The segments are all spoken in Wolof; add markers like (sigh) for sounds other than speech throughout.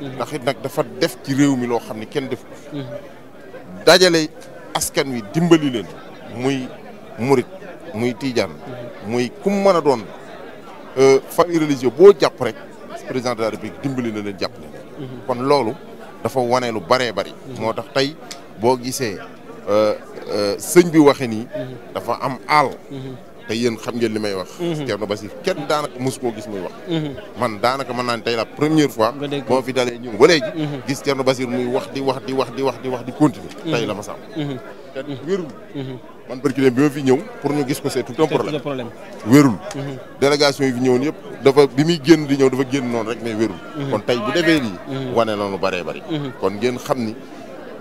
ndax it nag dafa def ci réew mi loo xam ne kenn def dajale askan wi dimbali leen muy murit muy tiijaan muy kum mën a doon euh, famille religieuse boo jàpp rek président de la dimbali na leen jàpp leen kon loolu dafa wane lu bëree bëri moo tax tey boo gisee euh, euh, sëñ bi waxe nii dafa am àll te yéen xam ngeen li may wax. Mhm. Thierno Basir kenn daanaka mosu koo gis muy wax. Mhm. man daanaka mën naa ne tey la première fois. boo fi dalee ñun ba léegi. Mhm. gis Thierno Basir muy wax di wax di wax di wax di wax di continuer. tey la ma sàmm. man barki bi fi ñëw pour gis ko c'est tout un problème. wérul. délégation yi fi ñëwoon yëpp bi muy génn di ñëw dafa génn noonu rek mais wérul. kon tey bu defee lii. wane na lu bëree bëri. kon ngeen xam ni.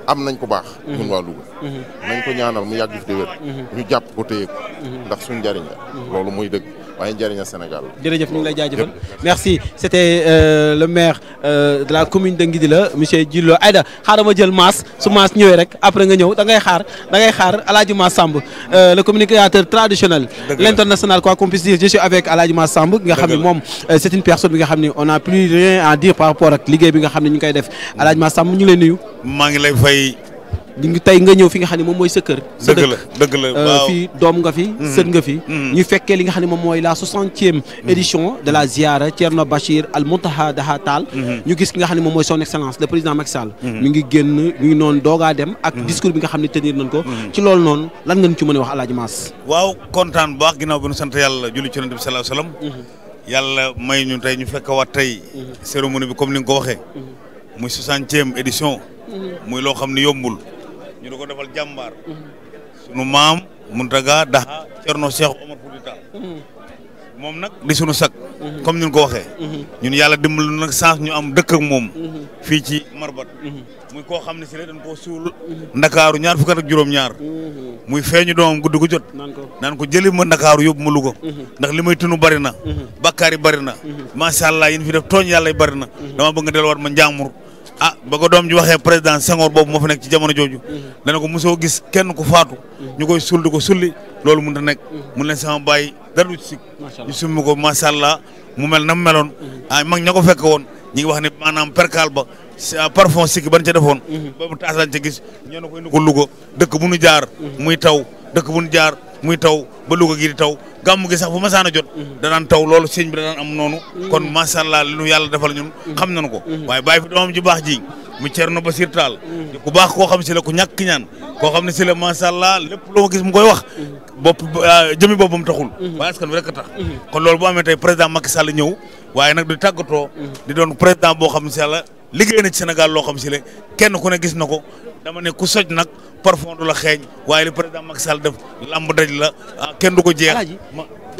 am nañ ko baax. Mhm. ñun waa mhm. nañ ko ñaanal mu yàgg fi di wér. Mhm. ñu jàpp ko téye ko. ndax suñ njariñ loolu mooy dëgg. waaye njëriñal Sénégal. jërëjëf ñu ngi lay jaajëfal merci c'était euh, le maire euh, de la commune de Ngidila monsieur Djilo Aïda xaaral ma jël maas su maas ñëwee rek après nga ñëw da ngay xaar da ngay xaar Alaaji Maas Samb euh, le communicateur traditionnel. l'international quoi qu'on puisse dire je suis avec Alaaji Samb nga xam ne moom euh, c'est une personne bi nga xam ni on a plus rien à dire par rapport ak liggéey bi nga xam ne ñu ngi koy def Alaaji Maas Samb ñu ngi lay nuyu. maa ngi lay fay. ñu tey nga ñëw fi nga xam ne moom mooy sa kër. sa dëkk la dëgg la euh, waaw doom nga fi. Mm-hmm. sët nga fi. Mm-hmm. ñu fekkee li nga xam ne moom mooy la soixantième mm-hmm. édition de la ziara Thierno Bachir Al Mountakha Daha Tall. ñu gis ki nga xam ne moom mooy son excellence le président Macky Sall. ñu ngi génn ñu ngi noonu doogaa dem. ak discours bi nga xam ne tenir nañ ko. ci loolu noon lan nga ñu ci mën a wax Alaaji Maas. waaw kontaan bu baax ginnaaw bi nu sant yàlla julli ci Yonent bi sallallahu alayhi tey ñu fekk bi comme ni nga ko waxee. muy soixantième édition. muy loo xam ne yombul ñu di ko defal jàmbaar. sunu maam Muntaga Daha Cerno Cheikh Omar Fouti Tall. moom nag di sunu sakk. comme ñun ko waxe ñun yàlla dimbali nag chance ñu am dëkk moom. fii ci Marbat. muy koo xam ne si la ko koo suul. ndakaaru ñaar fukk ak juróom-ñaar. muy feeñu doomam guddi gu jot. naan ko jëli ma ndakaaru yóbbu ma Louga. ndax li may tunu bari na. Uhuh. bakkaar yi bari na. Uhuh. macha fi def tooñ yàlla yi bari uhuh. dama bëgg nga delluwaat ma njaamur. ah ba ko doom ji waxee président Senghor boobu moo fa nekk ci jamono jooju. Mm-hmm. dana ko mosoo gis kenn ku faatu. Mm-hmm. ñu koy sul di ko sulli loolu mm-hmm. mun na nekk. mun leen sama bàyyi dara du ci. ñu summi ko macha allah mu mel na mu meloon. ah mag ña ko fekk woon ñu ngi wax ne maanaam percal ba ah, parfum sikki ban ca defoon. ba mu taas lañ gis ñoo na ko indi ko Louga dëkk bu nu jaar. muy taw dëkk bu nu muy taw ba Louga gi di taw gàmm gi sax bu masaana jot mhm. danaan taw loolu sëñ bi danaan am noonu mhm. kon macha allah lu yàlla defal ñun mhm. xam nañu ko waaye bàyyi fi doomam ji baax ji mu Thierno Basir Tall ku baax koo xam si la ku ñàkk ñaan koo xam ne si la macha allah lépp loo gis mu koy wax bopp ah, jëmi boppam taxul waaye askan bi rek a tax kon loolu boo amee tey président Macky Sall ñëw waaye nag di tàggatoo di doon président boo xam si yàlla liggéey na ci Sénégal loo xam si la kenn ku ne gis na ko dama ne ku soj nag parfum du la xeeñ waaye li président Macky Sall def lamb daj la ah, kenn du ko jeex.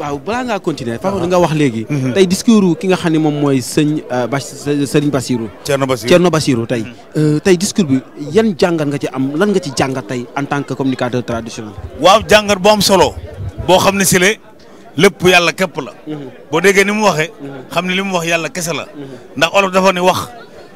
waaw balaa ah. nga wax léegi. Mhm. tey discours ki nga xam ni moom mooy sëñ euh, Bas sëriñ Bassirou. Thierno Bassirou Thierno Bassirou tey. Mhm. Euh, tey discours bi yan jàngat nga ci am lan nga ci jàngat tey en tant que communicateur traditionnel. waaw jàngat bu am solo. boo xam ne si le lépp yàlla képp la. Mhm. boo déggee ni mu waxee. xam ne li mu wax yàlla kese la. ndax olof dafa ne wax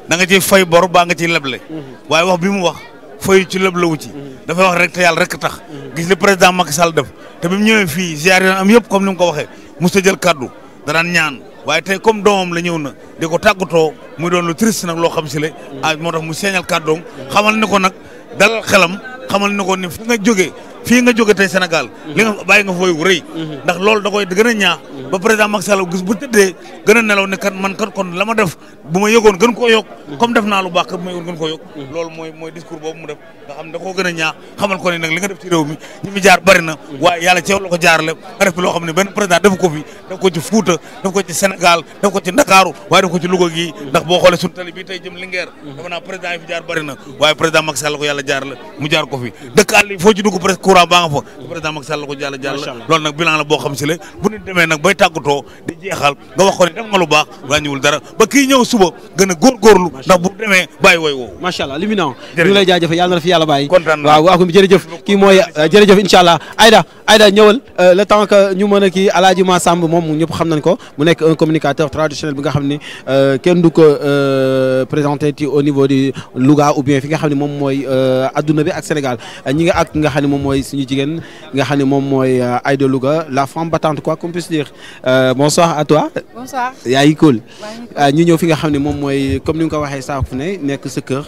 da nga ciy fay bor baa nga ci leble. waaye wax bi mu wax. fayu ci lëb lawu ci dafay wax rek te yàlla rek tax gis li président Macky Sall def te bi mu ñëwee fii ziar yoon am yëpp comme ni mu ko waxee musta jël kaddu danaan ñaan waaye tey comme doomam la ñëw na di ko tàggatoo muy doon lu triste nag loo xam si le a ah moo tax mu seeñal kàddoom xamal ni ko nag dal xelam xamal ni ko ni fi nga jógee fii nga jóge tey Sénégal li nga fooy rëy ndax loolu da koy gën a ñaax ba président Macky Sall gis bu tëddee gën a nelaw ne man kat kon la ma def bu ma yëgoon gën koo yokk mm-hmm. comme def naa lu baax bu ma yëgoon gën koo yokk mm-hmm. loolu mooy mooy discours boobu mu def nga xam ne gën a ñaax xamal ko ne li nga def ci réew mi ñi jaar bari mm-hmm. waaye yàlla ci yow la ko jaarale nga def loo xam ne benn président def ko fi ko ci Fuuta def ko ci Ndakaaru waaye def ko ci Louga gii ndax boo xoolee suñu tali bii jëm Linguère dafa naa président yi fi jaar bari waaye président Macky Sall ko yàlla jaarale mu jaar ko suba gën a góorgóorlu ndax bu demee bàyyi wooy woowu macha allah liminant ñu lay jaajëfal yàlla na la fi yàlla bàyyi kontaan waaw waaw jërëjëf kii mooy jërëjëf incha allah Aïda Aïda ñëwal euh, le temps que ñu mën a kii Alaaji Massamb moom ñëpp xam nañ ko mu nekk un communicateur traditionnel bi nga xam ni euh, kenn du ko euh, présenté ci au niveau du Louga ou bien fi nga xam ne moom mooy adduna bi ak Sénégal ñi nga ak nga xam ne moom mooy suñu jigéen nga xam ne moom mooy Aïda Louga la femme battante quoi qu'on puisse dire bonsoir à toi. bonsoir yaa ngi cool. ñu ñëw fi nga xam ne moom mooy comme ni nga ko waxee saa fu ne nekk sa kër.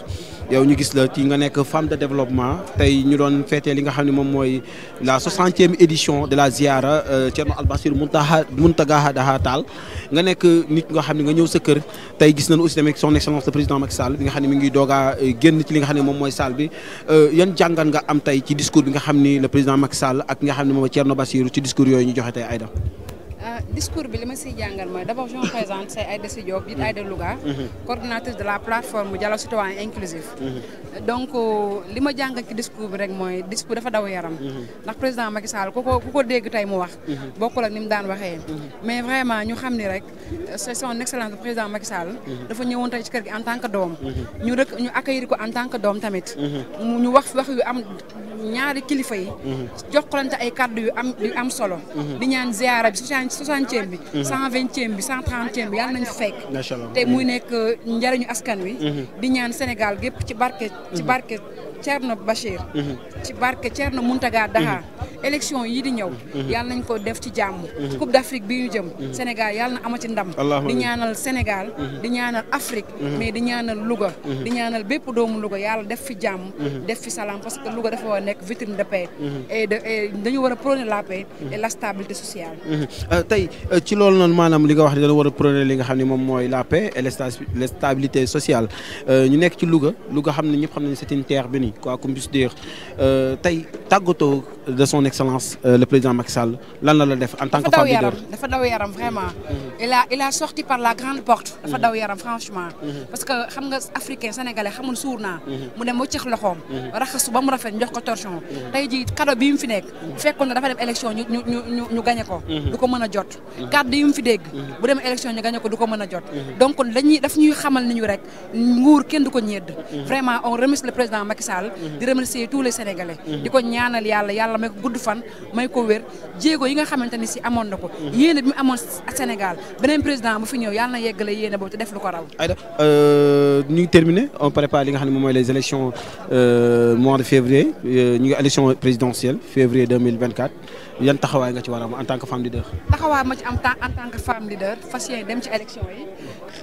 yow ñu gis la tii nga nekk femme de développement tey ñu doon feetee li nga xam ne moom mooy la soixantième édition de la ziara euh, Thierno Albasir Muntaha Muntaga Daha Tall nga nekk nit nga xam ne nga ñëw sa kër tey gis nañu aussi tamit son excellence le président Macky Sall bi nga xam ne mi ngi doogaa euh, génn ci li nga xam ne moom mooy salle bi euh, yan jàngat nga am tey ci discours bi nga xam ni le président Macky Sall ak nga xam ne moom Thierno Bassirou ci discours yooyu ñu joxe tey Aïda Euh, discours bi li ma siy jàngal mooy d'abord je me présente de Aïda Sy Diop di Aïda Louga mm-hmm. mm-hmm. coordinatrice de la plateforme dialogue citoyen inclusif mm-hmm. donc euh, li ma jàngal ci discours bi rek mooy discours dafa daw yaram ndax président Macky Sall ku ko ku ko dégg tey mu wax bokkul ak ni mu daan waxee mais vraiment ñu xam ni rek c'est son excellence président Macky Sall dafa ñëwoon tey ci kër gi en tant que doom ñu rek ñu accueillir ko en tant que doom tamit ñu wax wax yu am ñaari kilifa yi joxalante ay kàddu yu am am solo soixantième bi mhm. cent vingtième bi cent trentième bi yàlla nañu fekk te muy nekk euh, njariñu askan wi mhm. di ñaan Sénégal gépp ci barke ci mhm. barke Thierno Bachir. Mhm. ci barke Thierno Mountaga Daha. Mhm. élection yi di ñëw. Mhm. yal nañ ko def ci jàmm. Coupe d'Afrique bi ñu jëm. Sénégal yàlla na ama ci ndam. di ñaanal Sénégal. di ñaanal Afrique. mais di ñaanal Louga. di ñaanal bépp doomu Louga yàlla def fi jàmm. def fi salaam parce que Louga dafa war nekk vitrine de paix. et dañu war a la paix. et la stabilité sociale. Euh, tey euh, ci loolu noonu maanaam li nga wax dañu war a prôner li nga xam ni moom mooy la paix et la stabilité sociale euh, ñu nekk ci Louga Louga xam quoi qu'on puisse dire euh, tey tàggatoo de son excellence euh, le président Macky Sall lan la la def en tant que femme leader dafa daw yaram vraiment il a a sorti par la grande porte dafa daw yaram franchement mm-hmm. Mm-hmm. parce que xam nga africain sénégalais xamul suur naa mm-hmm. mu dem moo ceex loxoom raxasu ba rafet jox ko torchon tey ji kado bi mu fi nekk fekkoon na dafa dem élection ñu ñu ko du ko mën a jot kàddu yi mu fi dégg bu dem élection ñu gagné ko du ko mën a jot donc dañuy ñuy xamal ni rek nguur kenn du ko ñedd vraiment on yàlla may ko gudd fan may ko wér jéego yi nga xamante ni si amoon na ko yéene bi mu amoon Sénégal beneen président bu fi ñëw yàlla na yeggale yéene boobu te def lu ko raw euh, ñu ngi terminé prépare li nga xam ne moom mooy les élections euh, mois de février euh, ñu ngi élection présidentielle février 2024 yan taxawaay nga ci war a am en tant que femme leader taxawaay ma ci am tant que femme leader fas yéene dem ci élection yi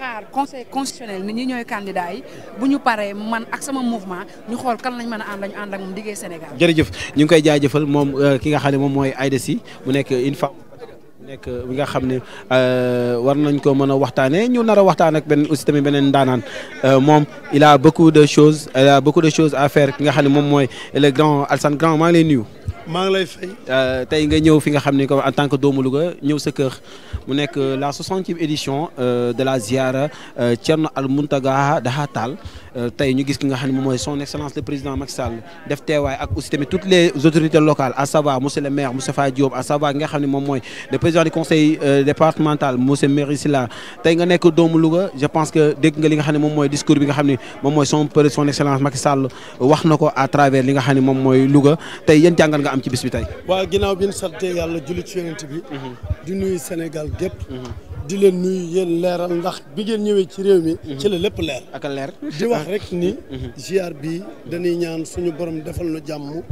xaar conseil constitutionnel ni ñi ñooy candidat yi ñu paree man ak sama mouvement ñu xool kan lañ mën a ànd ñu ànd ak moom liggéey Sénégal. jërëjëf ñu ngi koy jëfal moom euh, ki nga xam ne moom mooy Aïda Sy mu nekk une femme nekk euh, bi nga xam ne euh, war nañ ko mën a waxtaanee ñu nar a waxtaan ak benn aussi tamit beneen daanan moom il a beaucoup de chose il a beaucoup de choses à faire ki nga xam ne moom mooy le grand Alsane grand maa ngi lay nuyu. maa ngi lay fay. Euh, tey nga ñëw fi nga xam ne ko en tant que doomu Louga ñëw sa kër mu nekk la soixantième édition euh, de la ziara euh, Thierno Al Mountaga Daha Tall Euh, tey ñu gis ki nga xam ne moom mooy son excellence le président Macky Sall def teewaay ak aussi tamit toutes les autorités locales à savoir monsieur le maire Moustapha Diop à savoir ki nga xam ne moom mooy le président du euh, nekk doomu Louga je pense que dégg nga li nga xam ne moom mooy discours bi nga xam ne moom mooy son son excellence Macky Sall wax na ko à travers li nga xam ne moom mooy Louga tey yan jàngal nga am ci bis bi tey. waaw ginnaaw bi ñu yàlla julli ci yonent bi. Mhm. di nuyu Sénégal di leen nuyu yéen leeral ndax bi ngeen ñëwee ci réew mi. Mhm. ci la lépp leer. ak leer di wax rek ni. Mhm. Mhm. ziar bi dañuy ñaan suñu borom defal na jàmm.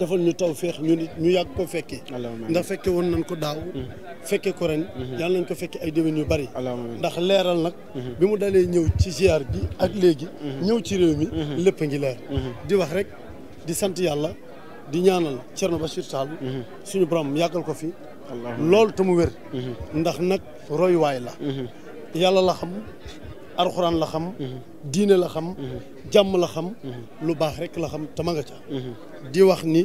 defal ñu taw feex ñu ñu yàgg ko fekkee. ndax fekkee woon nañ ko daaw. fekke ko ren. yàlla nañ ko fekkee ay déwén yu bari. ndax leeral nag. bi mu dalee ñëw ci ziar bi ak léegi. ñëw ci réew mi. lépp ngi leer. di wax rek di sant yàlla di ñaanal Thierno Bachir Tall. suñu borom yàggal ko fi. loolu te mu wér mhm. ndax nag royuwaay la mhm. yàlla la xam arxuraan la xam mhm. diine la xam jàmm la xam lu baax rek la xam tama nga ca di wax ni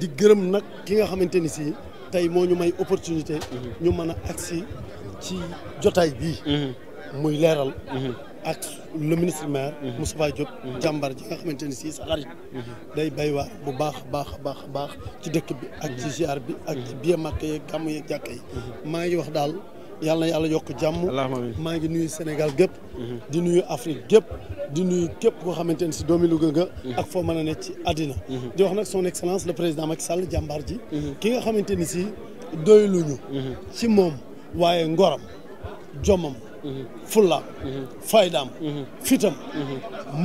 di gërëm nag ki nga xamante ni si tey moo ñu may opportunité ñu mën a agsi ci jotaay bii muy leeral ak le ministre maire Moustapha Diop jàmbar ji nga xamante ni si sa xarit day bay waar bu baax baax baax baax ci dëkk bi ak ci ziar bi ak ci biir màkk yeeg gàmm yeeg jàkk yi maa ngi wax daal yàlla na yàlla yokk jàmm maa ngi nuyu Sénégal gépp di nuyu Afrique gépp di nuyu képp koo xamante ne si doomi Louga nga ak foo mën a nekk ci àddina di wax nag son excellence le président Macky Sall jàmbaar ji ki nga xamante ni si doyluñu ci moom waaye ngoram jomam fullaam faydaam fitam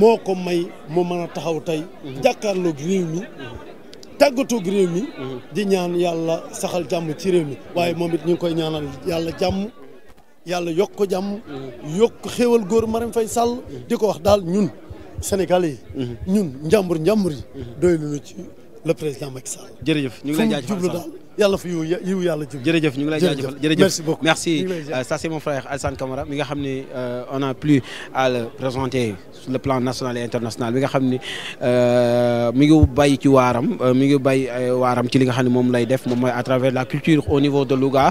moo ko may moo mën a taxaw tey jàkkaarloog réew mi tàggatoog réew mi di ñaan yàlla saxal jàmm ci réew mi waaye moom it ñu ngi koy ñaanal yàlla jàmm yàlla yokk ko jàmm yokk xéewal góor Marème Faye Sall di ko wax daal ñun Sénégalais yi ñun njàmbur njàmbur yi doy lu ñu ci le président Macky Sall jërëjëf ñu ngi lay jaajëfal jublu daal yàlla fa yiw yiw yàlla jóg jërëjëf ñu ngi lay mi nga xam ne euh, on a plus à le présenter plan national et international nga xam ne euh, mi ngi bàyyi ci waaram euh, mi ngi bàyyi waaram ci li nga xam ne moom lay def moom mooy à travers la culture au niveau de Louga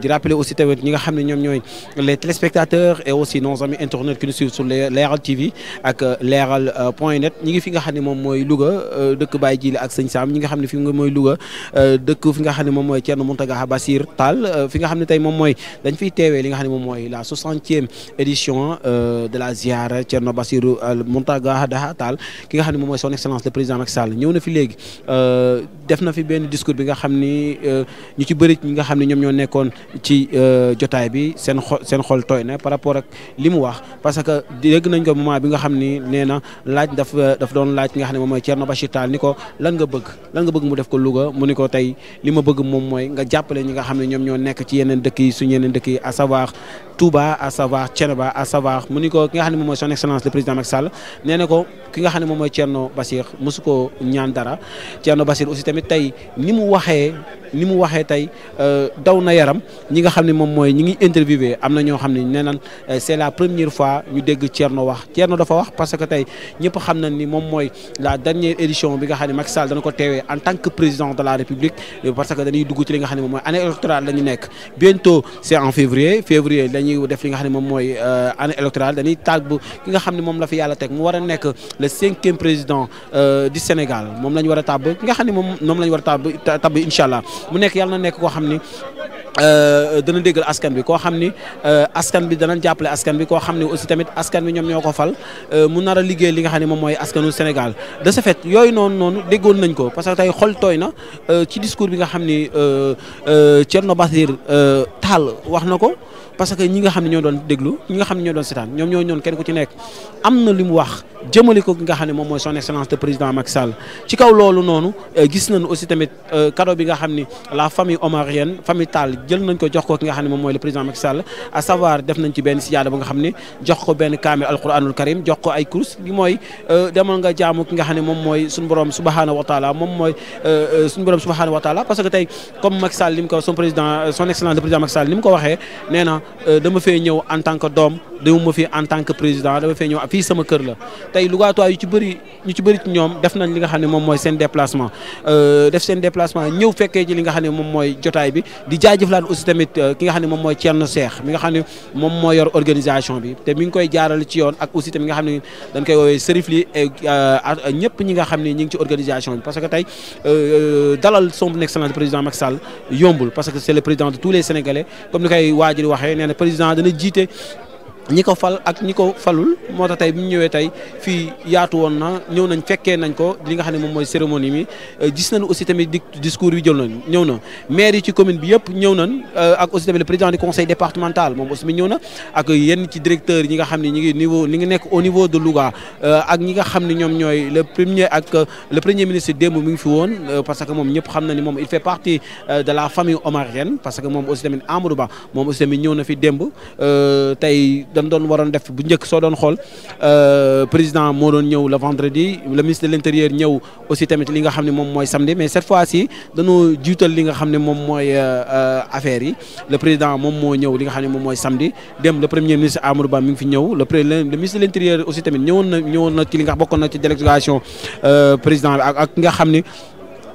di rappeler aussi tamit ñi nga xam ne ñoom ñooy les téléspectateurs et aussi nos amis internautes qui nous suivent sur Leral TV ak Leral point net ngi fi nga xam ne moom mooy Louga dëkk Baye Jili ak Sëñ Sam ñi nga xam ne fi nga mooy luga dëkk fi nga xam ne moom mooy Thierno Mountaga Bassir Tall euh, fi nga xam ne tey moom mooy dañ fiy teewee li nga xam ne moom mooy la soixantième édition euh, de la ziara Thierno Bassirou euh, Mountaga Tall ki nga xam ne moom mooy son excellence le président Macky Sall ñëw na fi léegi def na fi benn discours bi nga xam ni ñu ci bëri ñi nga xam ne ñoom ñoo nekkoon ci jotaay bi seen xol seen xol tooy na par rapport ak li mu wax parce que dégg nañ ko moment bi nga xam ni nee na laaj daf daf doon laaj ki nga xam ne moom mooy no Bassirou Tall ni ko lan nga bëgg lan nga bëgg mu def ko Louga mu ni ko tey li ma bëgg moom mooy nga jàppale ñi nga xam ne ñoom ñoo nekk ci yeneen dëkk yi yeneen dëkk à savoir Touba à savoir Thiénaba à savoir mu ni ko ki nga xam ne moom mooy son excellence le président Macky Sall nee na ko ki nga xam ne moom mooy Thierno Bachir mosu ko ñaan dara Thierno Bachir aussi tamit tey ni mu waxee ni mu waxee tey euh, daw na yaram ñi nga xam ne moom mooy ñi ngi interviewé am na ñoo xam ne nee naan euh, c'est la première fois ñu dégg Thierno wax Thierno dafa wax parce que tey ñëpp xam na ni moom mooy la dernière édition bi nga xam ne Macky Sall dana ko en tant que président la République euh, parce que dañuy dugg ci li nga xam ne moom mooy année électorale la ñu def li nga xam ne moom mooy année électorale dañuy tàgg ki nga xam ne moom la fi yàlla teg mu war a nekk le cinquième président du Sénégal moom la ñu war tàbb ki nga xam ne moom moom la war a tàbb tàbb mu nekk yàlla na nekk koo xam ni euh, dana déggal askan bi koo xam ni euh, askan bi dana jàppale askan bi koo xam ni aussi tamit askan bi ñoom ñoo ko fal euh, mu nar a liggéey li nga xam ne moom mooy askanu Sénégal de ce fait yooyu noonu noonu déggoon nañ ko parce que tey xol tooy na ci discours bi nga xam ni Thierno Bachir Tall wax na ko parce que ñi nga xam ne ñoo doon déglu ñi nga xam ne ñoo doon seetaan ñoom ñoo ñoon kenn ku ci nekk am na li mu wax ko ki nga xam ne moom mooy son excellence de président Macky Sall ci kaw loolu noonu euh, gis nañu aussi tamit euh, cadeau bi nga xam ni la famille omarienne famille ko jox ko ki nga xam ne moom mooy le président Macky Sall à savoir def nañ ci benn sijaada ba nga xam ne jox ko benn kaamil euh, nga xam ne moom mooy suñu borom subhanahu wa taala moom mooy suñu borom subhanahu wa taala parce que tey comme Macky Sall li ko son président son excellence de président Macky Sall ni ko waxee nee Euh, dama fee ñëw en tant que doom dama ma fi en tant que fee ñëw fii sama kër la tey Lougaatois ci bëri ñoom def nañ li nga xam ne moom mooy seen déplacement euh, def seen déplacement ñëw fekkee ci li nga xam ne moom mooy jotaay bi di jaajëflaat aussi tamit euh, ki nga xam ne moom mooy Thierno Seex mi nga xam ne moo yor organisation bi te mi ngi koy jaarale ci yoon ak aussi tamit nga xam ne dañ koy woowee li ñëpp ñi nga xam ni ñi ngi ci organisation bi parce que tey dalal son excellence président Macky Sall yombul parce que c'est le président de tous les nee na président dana jiite ñi ko fal ak ñi ko falul moo tax tey bi ñu ñëwee tey fii yaatu woon na ñëw nañ fekkee nañ ko li nga xam ne moom mooy cérémonie mi euh, gis nañu aussi tamit di discours bi jël nañ ñëw na maire yi ci commune bi yëpp ñëw nañ euh, ak aussi tamit le président du conseil départemental moom aussi mi ñëw na ak yenn ci directeur ñi nga xam ne ñi ngi niveau ñi ngi nekk au niveau de Louga euh, ak ñi nga xam ne ñoom ñooy le premier ak le ministre démb mi ngi fi woon parce que moom ñëpp xam na ni moom il fait partie de la famille omarienne parce que moom aussi tamit Amadou Ba moom aussi tamit ñëw na fi démb dañ doon waroon def bu njëkk soo doon xool euh, président moo doon ñëw le vendredi le ministre de l'intérieur ñëw aussi tamit li nga xam ne moom mooy samedi mais cette fois ci dañoo jiital li nga xam ne moom mooy euh, affaire yi le président moom moo ñëw li nga xam ne moom mooy samedi dem le premier ministre Amadou Ba mi ngi fi ñëw le le ministre de l'intérieur aussi tamit ñëwoon na ñëwoon na ci li nga bokkoon na ci délégation euh, président ak nga xam ni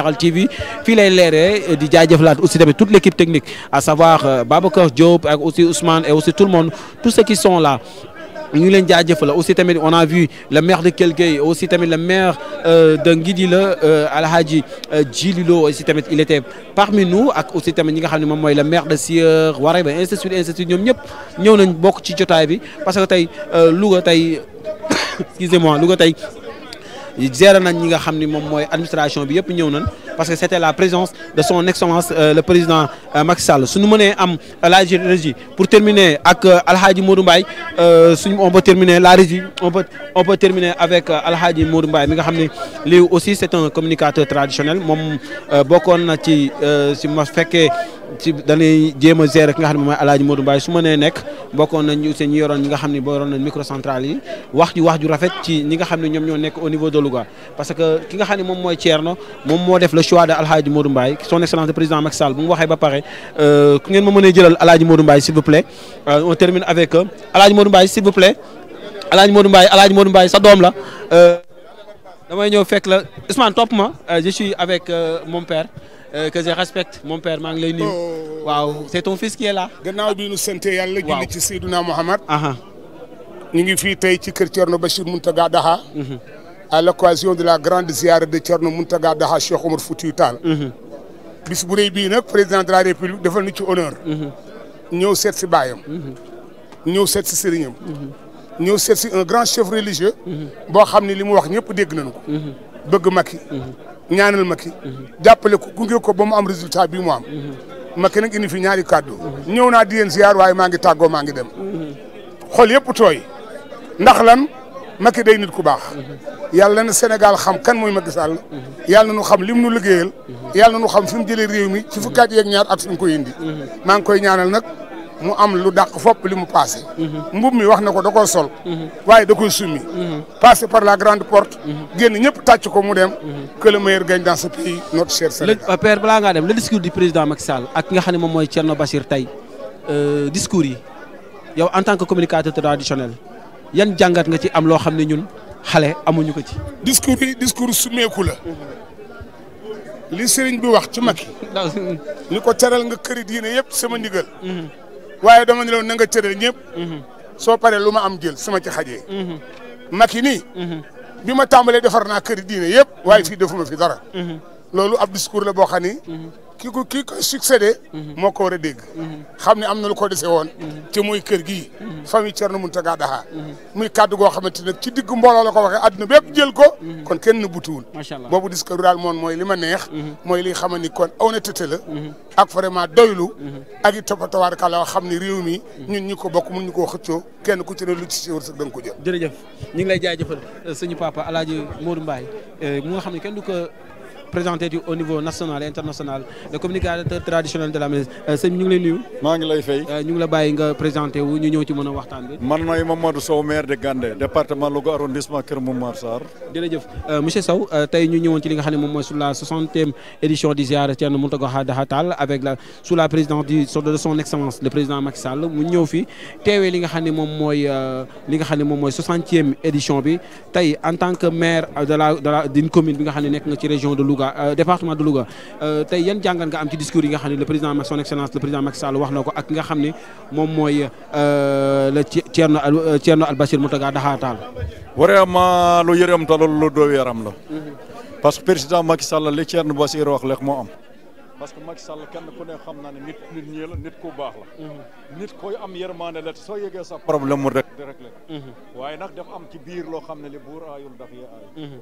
Leral TV fii lay leeree eh, di jaajëfalaat aussi tamit toute l' technique à savoir euh, Babacar Diop ak aussi Ousmane et aussi tout le monde tous ceux qui sont là. ñu ngi leen jaajëfal aussi tamit on a vu le maire de Kelle Gueye aussi tamit le maire euh, de Ngidila euh, Alhaji Djililo aussi tamit il était parmi nous ak aussi tamit ñi nga xam ne moom mooy le maire de Sieur Wareba ainsi de suite ñoom ñëpp ñëw nañ bokk ci jotaay bi parce que tey Louga tey (coughs) excusez-moi Louga tey gérer nañ ñi nga xam ni moom mooy administration bi yëpp ñëw nañ parce que c'était la présence de son excellence euh, le président euh, Macky Sall suñu mënee am euh, la régie pour terminer ak Alhaji Modou Mbaye suñu on peut terminer la régie on peut on peut terminer avec Alhaji Modou Mbaye mi nga xam ne lii aussi c'est un communicateur traditionnel moom bokkoon na ci si ma fekkee ci dañuy jéem a gérer ki nga xam ne mooy Alhaji Modou Mbaye su ma nee nekk bokkoon nañu seen ñi yoroon ñi nga xam ni boo yoroon nañ microcentrale yi wax ju wax ju rafet ci ñi nga xam ne ñoom ñoo nekk au niveau de Louga parce que ki nga xam ne moom moo le choix de Alhaji Modou Mbaye son excellence le président Macky Sall bu mu waxee ba pare euh, ku ngeen ma mënee jëlal Alhaji Modou Mbaye s'il vous plaît euh, on termine avec euh, Alhaji Modou Mbaye s'il vous plaît Alhaji sa doom la. damay ñëw fekk la Ousmane topp ma je suis avec mon père que je respecte mon père maa ngi lay nuyu. Oh. waaw c'est ton fils qui est là. gannaaw bi ñu sant yàlla. julli ci Seydina Mouhamad. ñu ngi fii tey ci kër Thierno Bachir Mountaga Daha. Mhm. à l'occasion de la grande ziara de Thierno Mountaga Daha Cheikh Omar Foutiyou Tall mhm. bis bu rëy bii nag président de la république defal nu honneur mhm. ñëw seet si baayam mhm. ñëw seet si sëriñam ñëw seet un grand chef religieux boo xam ne li mu wax ñëpp dégg nañu ko bëgg Macky ñaanal Macky jàppale ko gunge ko ba mu am résultat bi mu am Macky nag ini fi ñaari kàddu ñëw naa di leen ziar waaye maa ngi tàggoo maa ngi dem xol yëpp tooy ndax lan Macky day nit ku baax yàlla na Sénégal xam kan mooy Macky Sall yàlla na ñu xam lim nu liggéeyal yàlla na ñu xam fi mu jëlee réew mi ci fukkaat yeeg ñaar ak fi mu koy indi maa ngi koy ñaanal nag mu am lu dàq fopp li mu passé mbub mi wax na ko da koo sol waaye da koy summi passé par la grande porte génn ñëpp tàcc ko mu dem que le meilleur gagne dans ce pays notre cher Sénégal euh, père balaa ngaa dem le discours du président Macky Sall ak nga xam ne moom mooy Thierno Bachir tey euh, discours yi yow en tant que communicateur traditionnel yan jàngat nga ci am loo xam ne ñun xale amuñu ko ci. discours yi discours sumeeku la. li sëriñ bi wax ci Macky. ni ko teral nga këri diine yëpp sama ndigal. waaye dama ne la na nga cëral ñëpp. soo paree lu ma am jël sama ci xajee. Macky nii. bi ma tàmbalee defar naa këri diine yëpp. waaye fii defuma fi dara. loolu ab discours la boo xam ki ko mhm. moo ko war a dégg. Mhm. xam ne am na lu ko dese woon. te mhm. muy kër gii. famille Thierno Mountaga Daha. muy kàddu goo xamante ne ci diggu mbooloo la ko waxee àdduna bépp jël ko. kon kenn nëbbutuwul. macha allah boobu disque rural moon mooy li ma neex. mooy li nga xam ni kon honnêteté la. ak vraiment doylu. ak i toppatoo kala xam ni réew mi. ñun ñu ko bokk mun ñu koo xëccoo kenn ku ci ne lu ci si wërsëg da nga ko jël. jërëjëf ñu ngi lay jaajëfal suñu papa El Hadj Modou Mbaye eh, mu nga xam kenn du présenté au niveau national et international le communicateur traditionnel de la MEDS euh, sëñ ñu lay nuyu. maa ngi lay fay. Euh, ñu la bàyyi nga présenté wu ñu ñëw ci a waxtaan bi. man mooy Mamadou Sow maire de Gandé département Louga arrondissement Kër Momar Sarr. Euh, avec la sous la présidence du son excellence le président Macky Sall mu ñëw fi teewee li nga xam ne moom mooy li édition bi tey en tant que maire de la de la d'une commune bi nga xam ne nekk nga ci région Louga euh, département de Louga euh, tey yan jàngat nga am ci discours yi nga xam ne le président son excellence le président Macky Sall wax ko ak nga xam ne moom mooy euh, le Thierno Thierno Albachir Moutaga Daha Tall. vraiment lu yërëmtalul lu doow yaram la. parce que président Macky Sall li Thierno Bachir wax léegi mo am. parce que Macky Sall kenn ku ne xam naa ne nit nit ñi la nit ku baax la. nit koy am yërmaande la te soo yëgee sax problème mu rek di rek mhm. waaye nag dafa am ci biir loo xam ne li buur aayul daf yee mhm.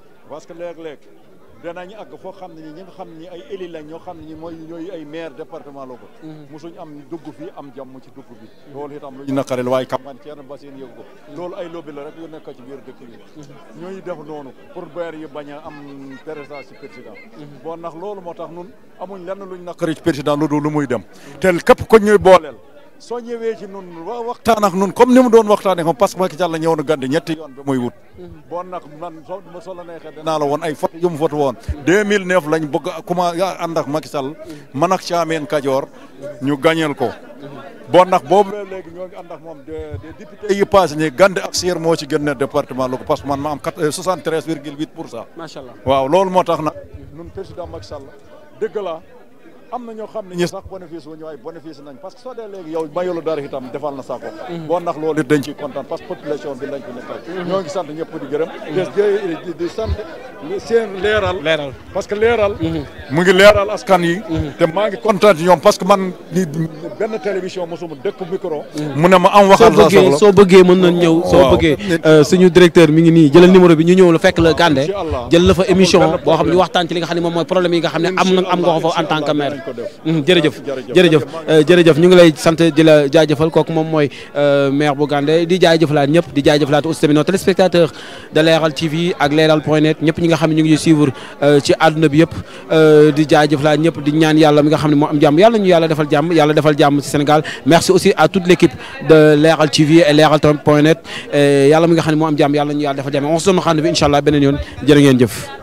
danañu àgg foo xam ne ñi nga xam ne ay éli lañ ñoo xam ne mooy ñooy ay maire département locaux. Mm-hmm. mosuñ am dugg fi am jàmm ci dugg bi. loolu itam lu ñu naqareel waaye campagne Thierno Bassirou yëg ko. Mm-hmm. loolu ay lobby la rek yu nekk ci biir dëkk bi. Mm-hmm. ñooy def noonu pour maire yi bañ a am présence ci président. bon ndax loolu moo tax ñun amuñ lenn luñ naqari ci président lu dul lu muy dem. te képp ko ñuy booleel. soo ñëwee ci nun wa waxtaan ak nun comme ni mu doon waxtaanee moom parce que Macky Sall ñëw na gàdde ñetti yoon ba muy wut. Mhm. bon nag man soo ma soo la neexee woon ay foto yu mu foto woon. 2009 lañ bëgg a commencé ànd ak Macky Sall mhm. man ak Thiamène Kajoor ñu gañeel ko. Mhm. bon nag boobu léegi ñoo ngi ànd ak moom des députés yi passé ni Gande ak Sire moo ci gën ne département Louga parce que man ma am 73 euh, virgule 8 pour cent. macha allah waaw loolu moo tax na ñun président Macky Sall dëgg am na ñoo xam ne ñu sax bénéfice wu ñu waaye bénéfice nañ parce que soo dee léegi yow mayulu dara itam defal na saako mhm. boo ndax loolu dañ ciy kontaan parce que population bi lañ ko nekkal mhm. ñoo ngi sant ñëpp di gërëm te mhm. di sant seen leeral parce que leeral mu ngi leeral askan yi te maa ngi kontaan ñoom parce que man benn télévision mosuma dëkk micro mu ne ma am waxal soo bëggee mën nañ ñëw soo bëggee euh, suñu directeur mi ngi nii jëlal numéro bi ñu ñëw la fekk la Kandé jël fa émission dinañ ko def. Mm, jërëjëf mm, euh, jërëjëf ñu ngi lay sant di la jaajëfal kooku moom mooy euh, maire bu Gandé di jaajëfalaat ñëpp di jaajëfalaat aussi tamit nos téléspectateurs de Leral TV ak Leral point net ñëpp ñi nga xam ne ñu ngi ñuy euh, ci àdduna bi yëpp di jaajëfalaat ñëpp di ñaan yàlla mi nga xam ne moo am jàmm yàlla ñu yàlla defal jàmm yàlla defal jàmm ci Sénégal merci aussi à toute l'équipe de Leral TV et Leral point net yàlla mi nga xam ne moo am jàmm yàlla ñu yàlla defal jàmm on se donne rendez-vous incha allah jëf